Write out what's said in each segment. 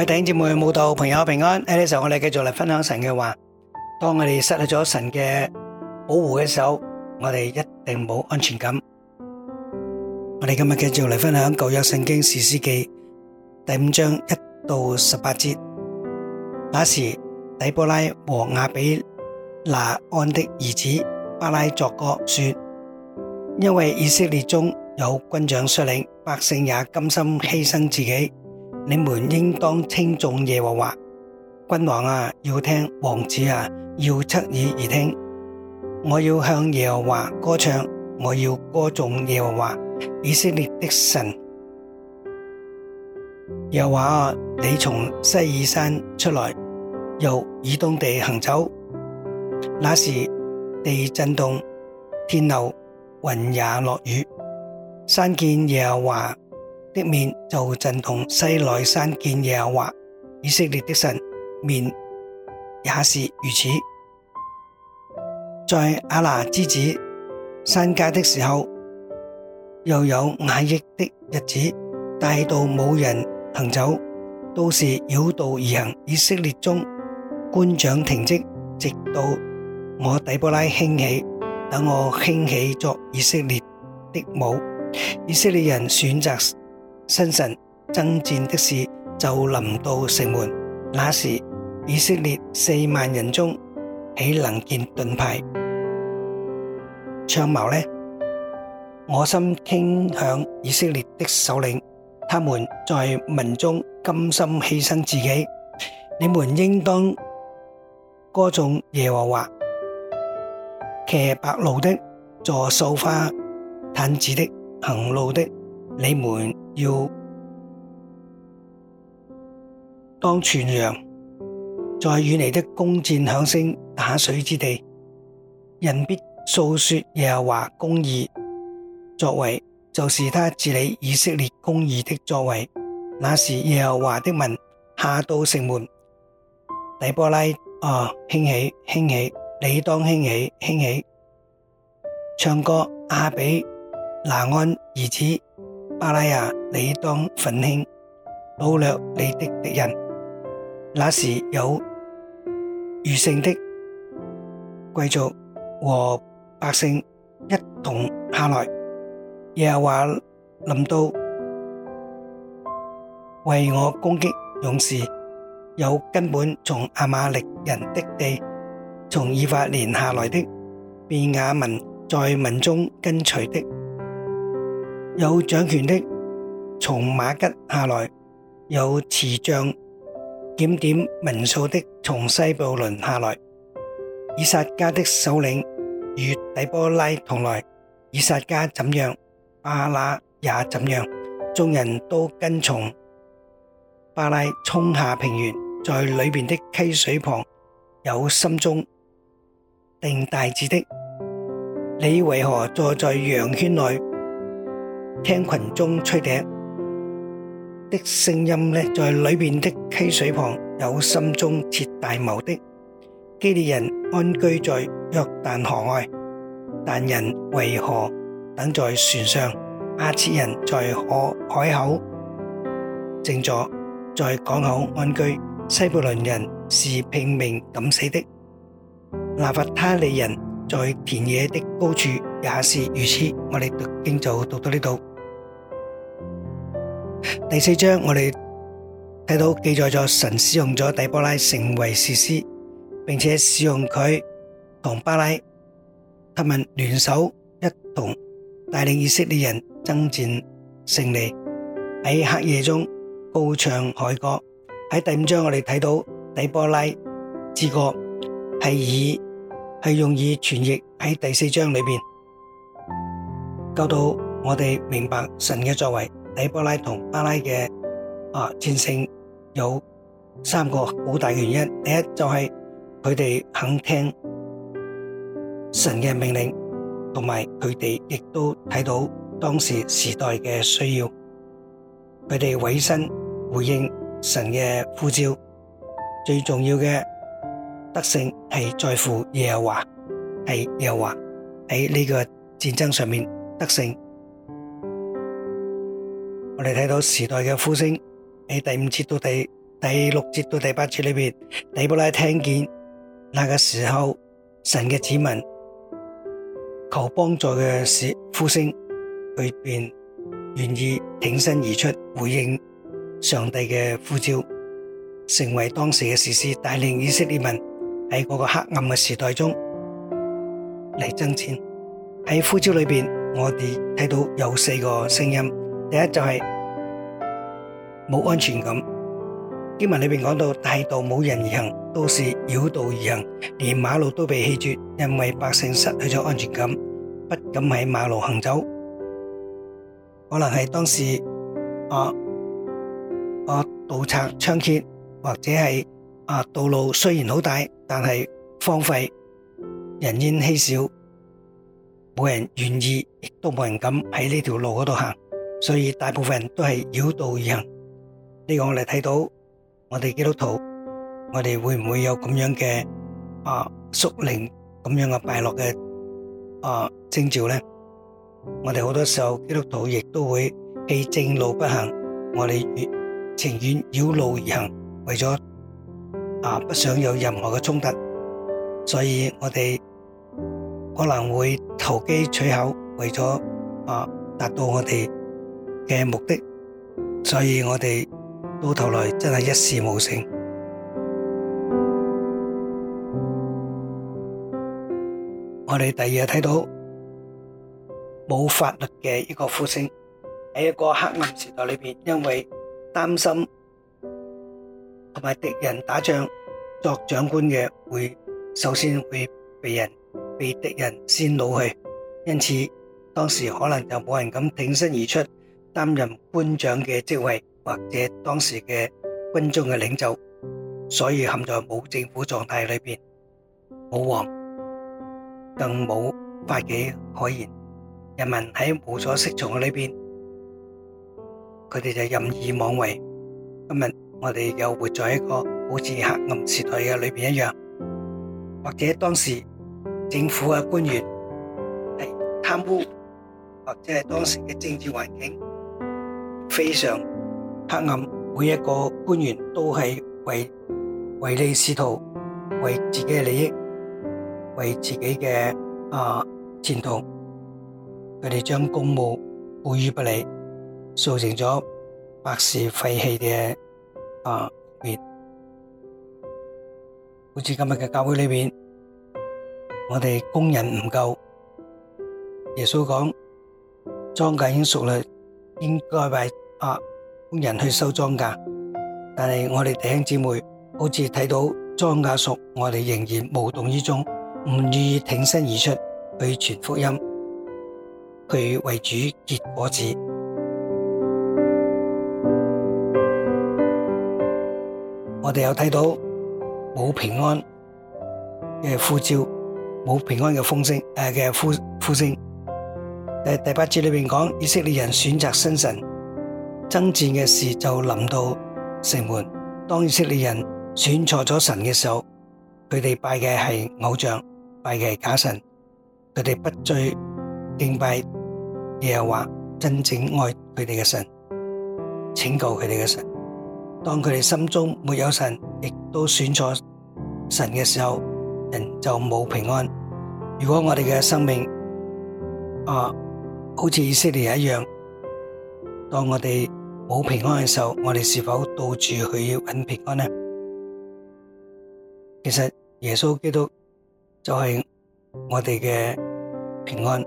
喺頂節目嘅舞蹈，朋友平安。喺呢時候，我哋繼續嚟分享神嘅話。當我哋失去咗神嘅保護嘅時候，我哋一定冇安全感。我哋今日繼續嚟分享舊約聖經士師記第五章一到十八節。那時底波拉和亞比拿安的兒子巴拉作歌說：因為以色列中有軍長率領，百姓也甘心犧牲自己。你們應當稱頌耶和華，君王啊，要聽，王子啊，要側耳而聽。我要向耶和華歌唱，我要歌頌耶和華以色列的神。耶和華啊，你從西爾山出來，由以東地行走，那時地震動，天漏，雲也落雨，山見耶和華的面就震動西奈山見耶和華以色列的神面也是如此。在亞拿之子珊迦的時候，又有雅億的日子，大道冇人行走，都是繞道而行。以色列中官長停職，直到我底波拉興起，等我興起作以色列的母。以色列人選擇。新神爭戰的事，就臨到城門。那時以色列四萬人中，豈能見盾牌槍矛呢？我心傾向以色列的首領，他們在民中甘心犧牲自己。你們應當歌頌耶和華，騎白鹿的，坐繡花毯子的，行路的。你們要當傳揚，在遠離的弓箭響聲打水之地，人必訴說耶和華公義作為，就是他治理以色列公義的作為。那時耶和華的民下到城門，底波拉啊，興起，興起，興起，你當興起，興起，興起，唱歌阿比拿安兒子。巴拉亞，你當奮興，有掌權的從馬吉下來，有持杖檢點民數的從西布倫下來。以撒迦的首領與底波拉同來，以撒迦怎樣，巴拉也怎樣。眾人都跟從巴拉衝下平原，在裏面的溪水旁有心中定大志的。你為何坐在羊圈內？聽群中吹笛的。聲音呢，在裡邊的溪水旁有心中設大謀的。第四章我哋睇到記載咗神使用咗底波拉成為士師，並且使用佢同巴拉他們聯手一同帶領以色列人爭戰勝利，喺黑夜中高唱凱歌。喺第五章我哋睇到底波拉之歌係以係用以傳譯喺第四章裏邊，教到我哋明白神嘅作為。底波拉同巴拉嘅啊戰勝有三個好大嘅原因，第一就係佢哋肯聽神嘅命令，同埋佢哋亦都睇到當時時代嘅需要，佢哋委身回應神嘅呼召。最重要嘅得勝係在乎耶和華，係耶和華喺呢個戰爭上面得勝。我哋睇到時代嘅呼聲喺第五節到第第六節到第八節裏邊，底波拉聽見那個時候神嘅子民求幫助嘅呼聲，佢便願意挺身而出，回應上帝嘅呼召，成為當時嘅士師，帶領以色列民喺嗰個黑暗嘅時代中嚟爭戰喺呼召裏邊，我哋睇到有四個聲音。第一就係冇安全感。經文裏面講到，大道冇人而行，都是繞道而行，連馬路都被棄絕，因為百姓失去咗安全感，不敢喺馬路行走。可能係當時啊啊盜賊猖獗，或者係啊道路雖然好大，但係荒廢，人煙稀少，冇人願意，亦都冇人敢喺呢條路嗰度行。所以大部分人都係繞道而行，呢個我哋睇到，我哋基督徒，我哋會唔會有咁樣嘅啊屬靈咁樣嘅敗落嘅啊徵兆呢？我哋好多時候基督徒亦都會棄正路不行，我哋情願繞路而行，為咗啊不想有任何嘅衝突，所以我哋可能會投機取巧，為咗啊達到我哋。嘅目的，所以我哋到頭來真係一事無成。我哋第二日睇到冇法律嘅一個呼聲喺一個黑暗時代裏邊，因為擔心同埋敵人打仗，作長官嘅會首先會被人被敵人先擄去，因此當時可能就冇人敢挺身而出。擔任官長嘅職位，或者當時嘅軍中嘅領袖，所以陷在冇政府狀態裏邊，冇王，更冇法紀可言。人民喺無所適從嘅裏邊，佢哋就任意妄為。今日我哋又活在一個好似黑暗時代嘅裏邊一樣，或者當時政府嘅官員係貪污，或者係當時嘅政治環境。非常黑暗，每一個官員都係為唯利是圖，為自己嘅利益，為自己嘅啊前途，佢哋將公務不予不理，造成咗百事廢棄嘅啊局面。好似今日嘅教會裏邊，我哋工人唔夠，耶穌講莊稼已經熟了。應該為啊工人去收莊稼，但係我哋弟兄姊妹好似睇到莊稼熟，我哋仍然無動於衷，唔願意挺身而出去傳福音，去為主結果子。我哋有睇到冇平安嘅呼召，冇平安嘅風聲誒嘅呼呼聲。第八節裏面講，以色列人選擇新神爭戰嘅事就臨到城門。當以色列人選錯咗神嘅時候，佢哋拜嘅係偶像，拜嘅係假神，佢哋不再敬拜耶和華真正愛佢哋嘅神，拯救佢哋嘅神。當佢哋心中沒有神，亦都選錯神嘅時候，人就冇平安。如果我哋嘅生命啊～好似以色列一樣，當我哋冇平安嘅時候，我哋是否到處去揾平安呢？其實耶穌基督就係我哋嘅平安，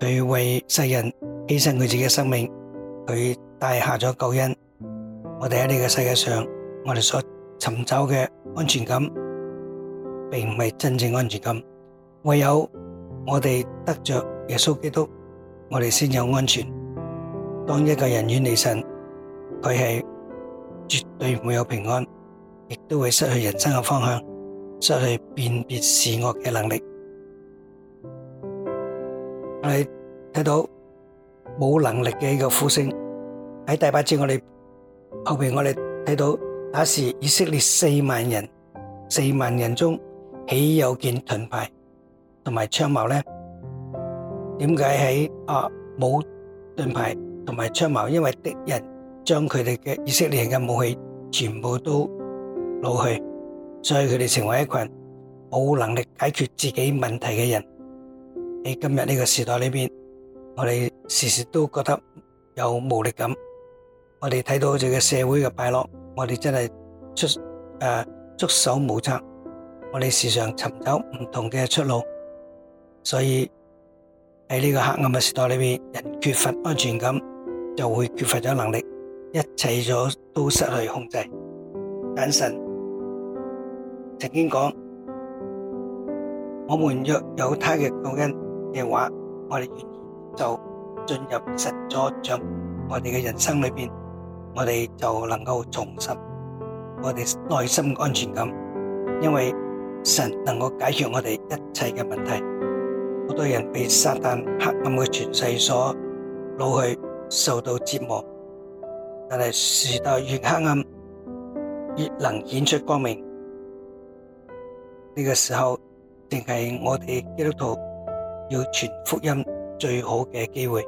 佢為世人犧牲佢自己嘅生命，佢帶下咗救恩。我哋喺呢個世界上，我哋所尋找嘅安全感，並唔係真正安全感。唯有我哋得着耶穌基督。我哋先有安全。當一個人遠離神，佢係絕對唔會有平安，亦都會失去人生嘅方向，失去辨別善惡嘅能力。我哋睇到冇能力嘅一個呼聲。喺第八節我哋後面，我哋睇到那時以色列四萬人，四萬人中豈有見盾牌同埋槍矛呢？點解喺啊冇盾牌同埋槍矛？因為敵人將佢哋嘅以色列人嘅武器全部都攞去，所以佢哋成為一群冇能力解決自己問題嘅人。喺今日呢個時代裏邊，我哋時時都覺得有無力感。我哋睇到呢個社會嘅敗落，我哋真係出誒束手無策。我哋時常尋找唔同嘅出路，所以。喺呢個黑暗嘅時代裏面，人缺乏安全感，就會缺乏咗能力，一切咗都失去控制。但神曾經講，我哋若有祂嘅救恩嘅話，我哋就進入神所掌，我哋嘅人生裏面，我哋就能夠重拾我哋內心嘅安全感，因為神能夠解決我哋一切嘅問題。好多人被撒旦黑暗嘅權勢所擄去，受到折磨。但係，時代越黑暗，越能顯出光明。呢個時候正係我哋基督徒要傳福音最好嘅機會。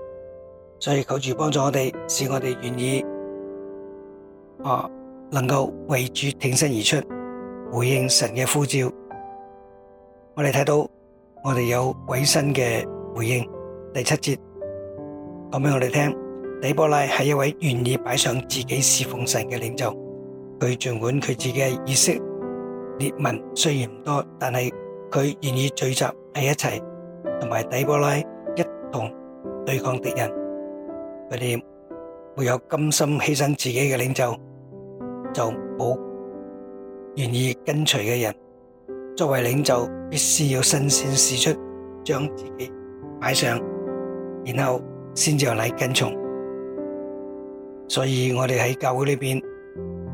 所以求主幫助我哋，使我哋願意啊，能夠為主挺身而出，回應神嘅呼召。我哋睇到。我哋有鬼神嘅回應，第七節講俾我哋聽，底波拉係一位願意擺上自己侍奉神嘅領袖，佢盡管佢自己嘅意識。列民雖然唔多，但係佢願意聚集喺一齊，同埋底波拉一同對抗敵人。佢哋沒有甘心犧牲自己嘅領袖，就冇願意跟隨嘅人。作為領袖，必須要身先士卒，將自己擺上，然後先着嚟跟從。所以我哋喺教會裏面，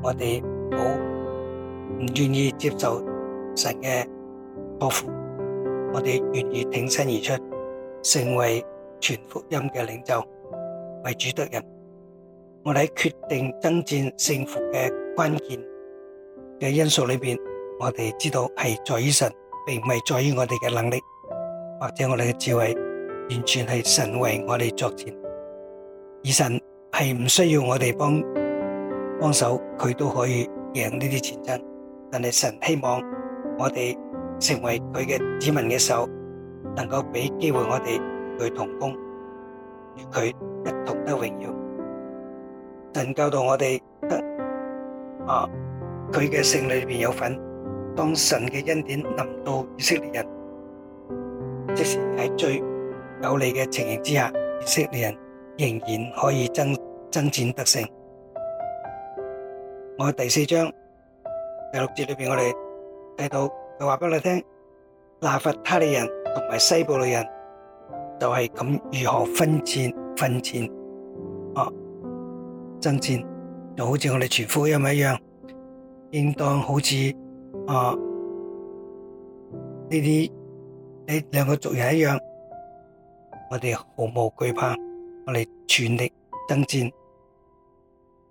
我哋冇唔願意接受神嘅託付，我哋願意挺身而出，成為全福音嘅領袖，為主得人。我哋喺決定征戰勝負嘅關鍵嘅因素裏面。我哋知道係在於神，並唔係在於我哋嘅能力或者我哋嘅智慧，完全係神為我哋作戰。而神係唔需要我哋幫幫手，佢都可以贏呢啲戰爭。但係神希望我哋成為佢嘅子民嘅手，能夠俾機會我哋去同工，與佢一同得榮耀。神教導我哋，啊，佢嘅性裏邊有份。當神嘅恩典臨到以色列人，即使喺最有利嘅情形之下，以色列人仍然可以爭爭戰得勝。我第四章第六節裏面，我哋睇到佢話俾你聽，拿弗他利人同埋西布利人就係咁如何分戰、分戰、哦爭戰，就好似我哋傳福音一樣，應當好似。啊！呢啲你兩個族人一樣，我哋毫無懼怕，我哋全力爭戰，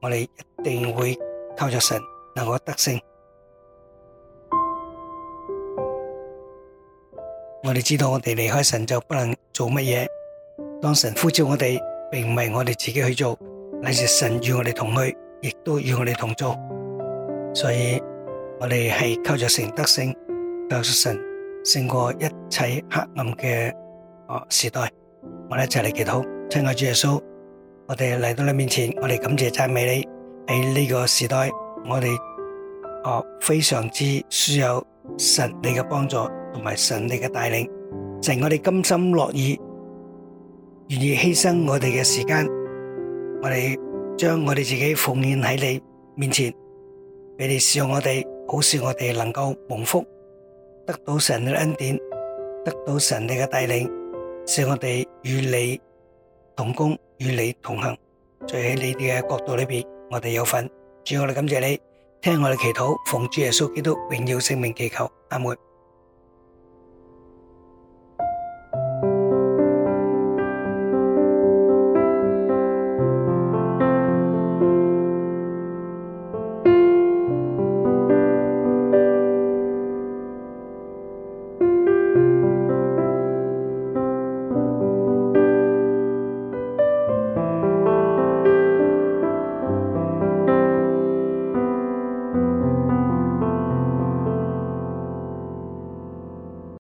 我哋一定會靠着神能夠得勝。我哋知道我哋離開神就不能做乜嘢，當神呼召我哋，並唔係我哋自己去做，乃是神與我哋同去，亦都與我哋同做，所以。我哋係靠住聖德性，靠住神勝過一切黑暗嘅哦時代。我哋就嚟祈禱，親愛的主耶穌，我哋嚟到你面前，我哋感謝讚美你喺呢個時代，我哋哦非常之需要神你嘅幫助同埋神你嘅帶領，成我哋甘心樂意，願意犧牲我哋嘅時間，我哋將我哋自己奉獻喺你面前，俾你使用我哋。好使我哋能夠蒙福，得到神嘅恩典，得到神你嘅帶領，使我哋與你同工，與你同行，在喺你哋嘅國度裏邊，我哋有份。主我哋感謝你，聽我哋祈禱，奉主耶穌基督榮耀聖名祈求，阿門。